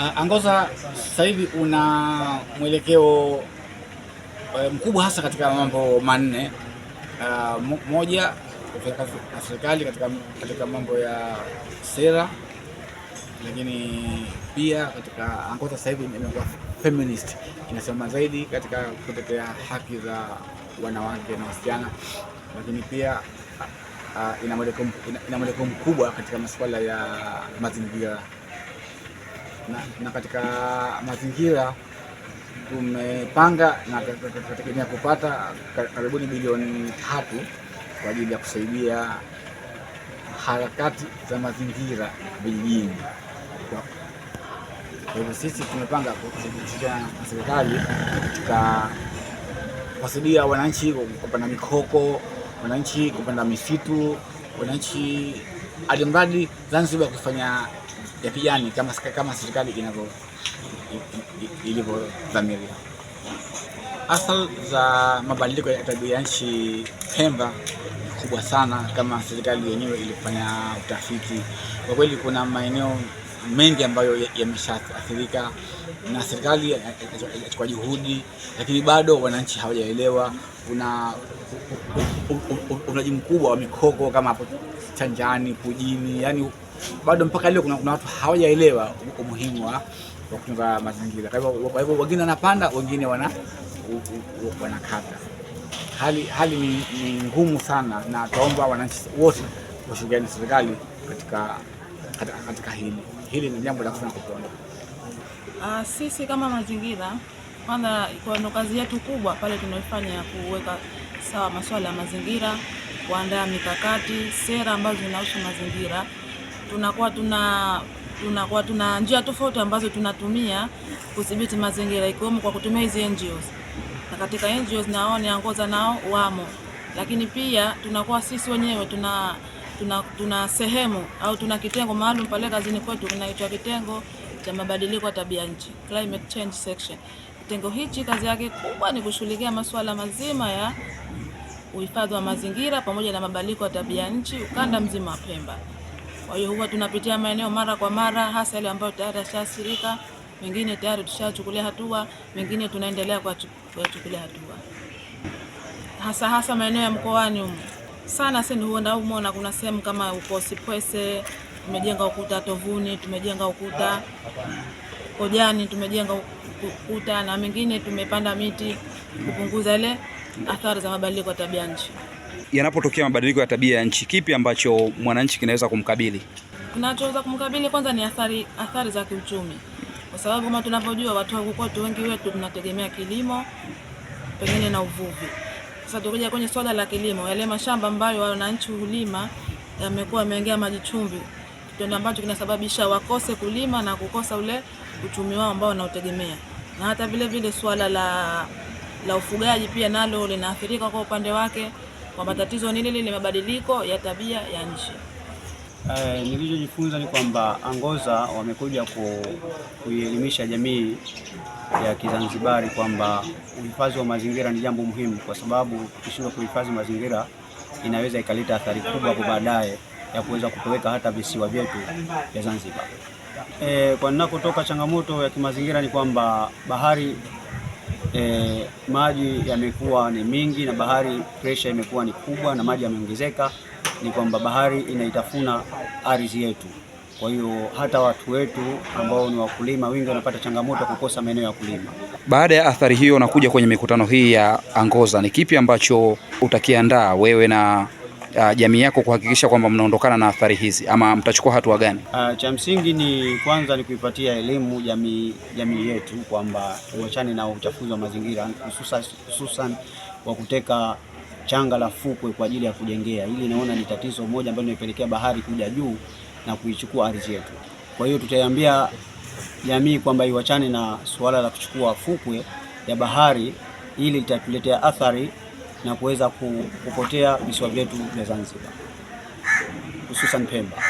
Ah, Angoza sasa hivi una mwelekeo eh, mkubwa hasa katika mambo manne. Uh, moja na serikali katika, katika mambo ya sera, lakini pia katika Angoza sasa hivi imekuwa feminist, inasema zaidi katika kutetea haki za wanawake na wasichana, lakini pia uh, ina mwelekeo mkubwa katika masuala ya mazingira na, na katika mazingira tumepanga na tutategemea kupata karibuni bilioni tatu kwa ajili ya kusaidia harakati za mazingira vijijini. Kwa hivyo sisi tumepanga kushirikiana na serikali katika kuwasaidia wananchi kupanda mikoko, wananchi kupanda misitu, wananchi alimradi Zanzibar kufanya ya kijani kama, kama serikali ilivyodhamiria. Athari za mabadiliko ya tabia nchi Pemba kubwa sana, kama serikali yenyewe ilifanya utafiti. Kwa kweli kuna maeneo mengi ambayo yameshaathirika na serikali kwa juhudi, lakini bado wananchi hawajaelewa. Kuna ulaji mkubwa wa mikoko kama hapo Chanjani, Pujini, yani bado mpaka leo kuna kuna watu hawajaelewa umuhimu wa kutunza mazingira. Kwa hivyo wengine wanapanda, wengine wana wanakata. Hali hali ni, ni ngumu sana, na tuomba wananchi wote washirikiane na serikali katika, katika, katika hili hili ni jambo la kufanya kuponda Uh, ah, sisi kama mazingira kwanza, kwa ndo kazi yetu kubwa pale tunaifanya ya kuweka sawa masuala ya mazingira, kuandaa mikakati, sera ambazo zinahusu mazingira tunakuwa tuna tunakuwa tuna njia tofauti ambazo tunatumia kudhibiti mazingira ikiwemo kwa kutumia hizi NGOs, na katika NGOs nao wao niongoza nao wamo, lakini pia tunakuwa sisi wenyewe tuna tuna, tuna sehemu au tuna kitengo maalum pale kazini kwetu kinaitwa kitengo cha mabadiliko ya tabia nchi, climate change section. Kitengo hichi kazi yake kubwa ni kushughulikia masuala mazima ya uhifadhi wa mazingira pamoja na mabadiliko ya tabia nchi ukanda mzima wa Pemba. Kwa hiyo huwa tunapitia maeneo mara kwa mara, hasa yale ambayo tayari yashaathirika, mengine tayari tushachukulia hatua, mengine tunaendelea kuyachukulia hatua, hasa hasa maeneo ya mkoani humo sana sini huenda humo, na kuna sehemu kama uko Sipwese tumejenga ukuta, Tovuni tumejenga ukuta, Kojani tumejenga ukuta, na mengine tumepanda miti kupunguza ile athari za mabadiliko ya tabia nchi yanapotokea mabadiliko ya tabia ya nchi, kipi ambacho mwananchi kinaweza kumkabili? Kinachoweza kumkabili kwanza ni athari, athari za kiuchumi, kwa sababu kama tunavyojua watu wa kwetu wengi wetu tunategemea kilimo pengine na uvuvi. Sasa tukija kwenye swala la kilimo, yale mashamba ambayo wananchi hulima yamekuwa yameingia maji chumvi, kitendo ambacho kinasababisha wakose kulima na kukosa ule uchumi wao ambao wanautegemea. na hata vile vile swala la, la ufugaji pia nalo linaathirika kwa upande wake kwamba tatizo ni nini? Ni mabadiliko ya tabia ya nchi. Eh, nilichojifunza ni kwamba Angoza wamekuja ku, kuielimisha jamii ya Kizanzibari kwamba uhifadhi wa mazingira ni jambo muhimu, kwa sababu tukishindwa kuhifadhi mazingira inaweza ikaleta athari kubwa kwa baadaye ya kuweza kupeleka hata visiwa vyetu vya Zanzibar. Eh, kwa ninakotoka changamoto ya kimazingira ni kwamba bahari e, maji yamekuwa ni mingi na bahari pressure imekuwa ni kubwa na maji yameongezeka, ni kwamba bahari inaitafuna ardhi yetu. Kwa hiyo hata watu wetu ambao ni wakulima wengi wanapata changamoto ya kukosa maeneo ya kulima. Baada ya athari hiyo, unakuja kwenye mikutano hii ya Angoza, ni kipi ambacho utakiandaa wewe na uh, jamii yako kuhakikisha kwamba mnaondokana na athari hizi ama mtachukua hatua gani? Uh, cha msingi ni kwanza ni kuipatia elimu jamii, jamii yetu kwamba tuachane na uchafuzi wa mazingira hususan kwa wa kuteka changa la fukwe kwa ajili ya kujengea. Hili naona ni tatizo moja ambalo limepelekea bahari kuja juu na kuichukua ardhi yetu. Kwa hiyo tutaiambia jamii kwamba iwachane na suala la kuchukua fukwe ya bahari, ili litatuletea athari na kuweza kupotea visiwa vyetu vya Zanzibar hususan Pemba.